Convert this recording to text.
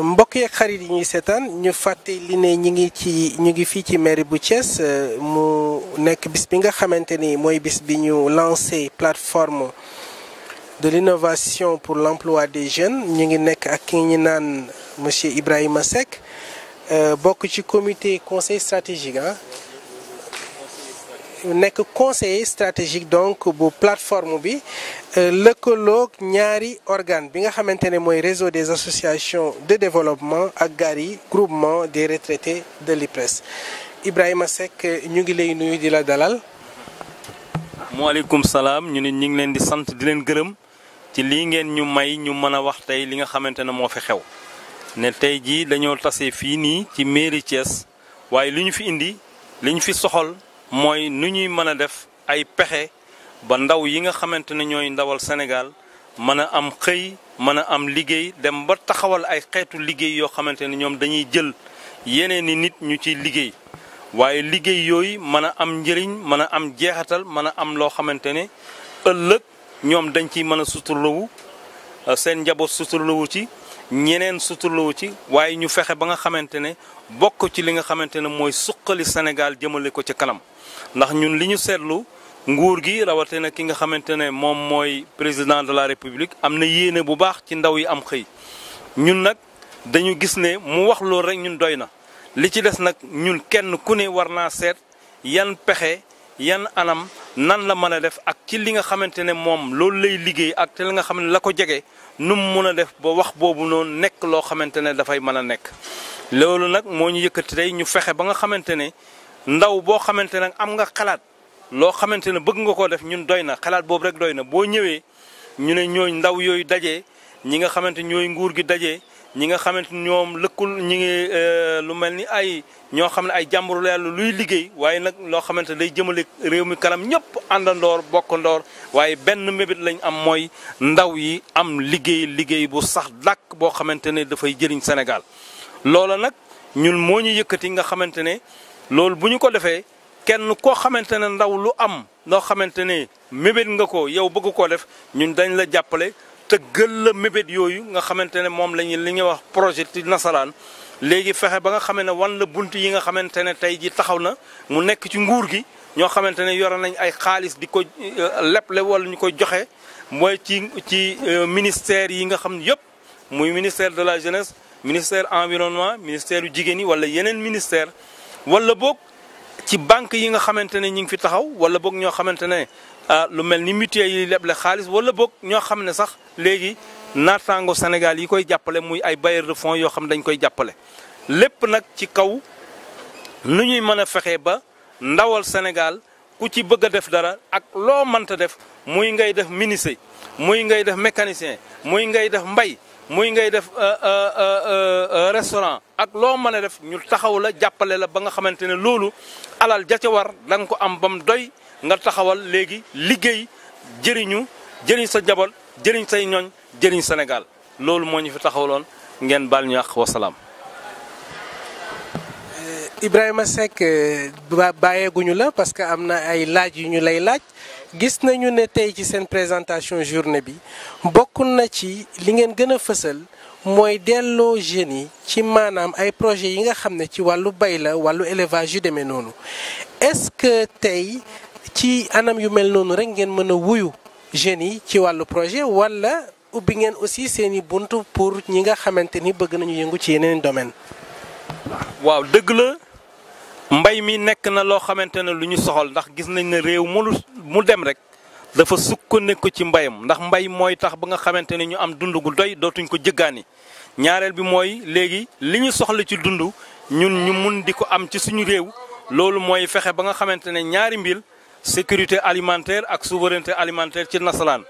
mbokk yeeg xarit yi ñuy seetaan ñu fàtte li ne ñu ngi ci ñu ngi fii ci mairie bu Thiès euh, mu nekk bis bi nga xamante ni mooy bis bi ñu lancé plateforme de l'innovation pour l'emploi des jeunes ñu ngi nekk ak ki ñu naan monsieur Ibrahima Seck euh, bokk ci comité conseil stratégique nekk conseiller stratégique donc bu plateforme bi euh, lëkkaloog ñaari organe bi nga xamante ne mooy réseau des association de développement ak GARI groupement des retraités de l'IPRES Ibrahima Seck ñu ngi lay nuyu di la dalal. maaleykum salaam ñu nit ñu ngi leen di sant di leen gërëm ci lii ngeen ñu may ñu mën a wax tey li nga xamante ne moo fi xew ne tey jii dañoo tase fii nii ci mairie Thiès waaye li ñu fi indi li ñu fi soxal. mooy nu ñuy mën a def ay pexe ba ndaw yi nga xamante ne ñooy ndawal Sénégal mën a am xëy mën a am liggéey dem ba taxawal ay xeetu liggéey yoo xamante ne ñoom dañuy jël yeneen i nit ñu ciy liggéey waaye liggéey yooyu mën a am njëriñ mën a am jeexatal mën a am loo xamante ne ëllëg ñoom dañ ciy mën a suturlawu seen njaboot suturlawu ci ñeneen suturlawu ci waaye ñu fexe ba nga xamante ne bokk ci li nga xamante ne mooy suqali Sénégal jëmale ko ci kanam ndax ñun li ñu seetlu nguur gi na ki nga xamante ne moom mooy président de la république am na yéene bu baax ci ndaw yi am xëy ñun nag dañu gis ne mu wax loolu rek ñun doy na li ci des nag ñun kenn ku ne war naa seet yan pexe yan anam nan la mën a def ak ci li nga xamante ne moom loolu lay liggéey ak te li nga xam ne la ko jege nu mu mën a def ba wax boobu noonu nekk loo xamante ne dafay mën a nekk. loolu nag moo ñu yëkkati tey ñu fexe ba nga xamante ne ndaw boo xamante ne am nga xalaat loo xamante ne bëgg nga koo def ñun doy na xalaat boobu rek doy na boo ñëwee ñu ne ñooñ ndaw yooyu daje ñi nga xamante ñooy nguur gi daje. ñi nga xamante ñoom lëkkul ñi ngi euh, lu mel ni ay ñoo xam ne ay jàmbur la yàlla luy liggéey waaye nag loo xamante ne day jëmale réew mi kanam ñëpp àndandoor bokkandoor waaye benn mébét lañ am mooy ndaw yi am liggéey liggéey bu sax dàkk boo xamante ne dafay jëriñ Sénégal. loola nag ñun moo ñu yëkkati nga xamante ne loolu bu ñu ko defee kenn koo xamante ne ndaw lu am loo xamante ne mébét nga ko yow bëgg koo def ñun dañ la jàppale. tëggal la mébét yooyu nga xamante ne moom la ñu li ñuy wax projet ci nasaraan léegi fexe ba nga xamee ne wan la bunt yi nga xamante ne tey ji taxaw na mu nekk ci nguur gi ñoo xamante ne yore nañ ay xaalis di ko euh, leble wala ñu koy joxe mooy ci ci euh, ministère yi nga xam yëpp muy ministère de la jeunesse ministère environnement ministère yu jigéen yi wala yeneen ministère wala boog ci banque yi nga xamante ne ñu ngi fi taxaw wala boog ñoo xamante ne ah, lu mel ni mutuelle yi leble xaalis wala boog ñoo xam ne sax léegi naataango Sénégal yi koy jàppale muy ay bailleurs de fonds yoo xam dañ koy jàppale. lépp nag ci kaw nu ñuy mën a fexee ba ndawal Sénégal ku ci bëgg a def dara ak loo mënta def muy ngay def menuisier muy ngay def mécanicien muy ngay def mbay. muy ngay def euh, euh, euh, restaurant ak loo mën a def ñu taxaw la jàppale la ba nga xamante ne loolu alal ja ca war nga ko am ba mu doy nga taxawal léegi liggéey jëriñu jëriñ sa njaboot jëriñ say ñooñ jëriñ Sénégal loolu moo ñu fi taxawaloon ngeen baal ñu àq wasalaam. Ibrahima Seck eh, bàyyeeguñu la parce que am na ay laaj yu ñu lay laaj gis nañu ne tey ci seen présentation journée bi bokk na ci li ngeen gën a fësal mooy delloo jeunes yi ci maanaam ay projet yi nga xam ne ci wàllu bay la wàllu élevage yu demee noonu est-ce que tey ci anam yu mel noonu rek ngeen mën a wuyu jeunes yi ci wàllu projet walla ubbi ngeen aussi seeni bunt pour ñi nga xamante ni bëgg nañu yëngu ci yeneen domaine waaw dëgg la mbay mi nekk na loo xamante ne lu ñu soxal ndax gis nañ ne réew mu mu dem rek dafa sukk sukkandiku ci mbayam ndax mbay mooy tax ba nga xamante ne ñu am dund gu doy dootuñ ko jëggaani ñaareel bi mooy léegi li ñu soxla ci dund ñun ñu mun di ko am ci suñu réew loolu mooy fexe ba nga xamante ne ñaari mbir sécurité alimentaire ak souveraineté alimentaire ci nasaraan.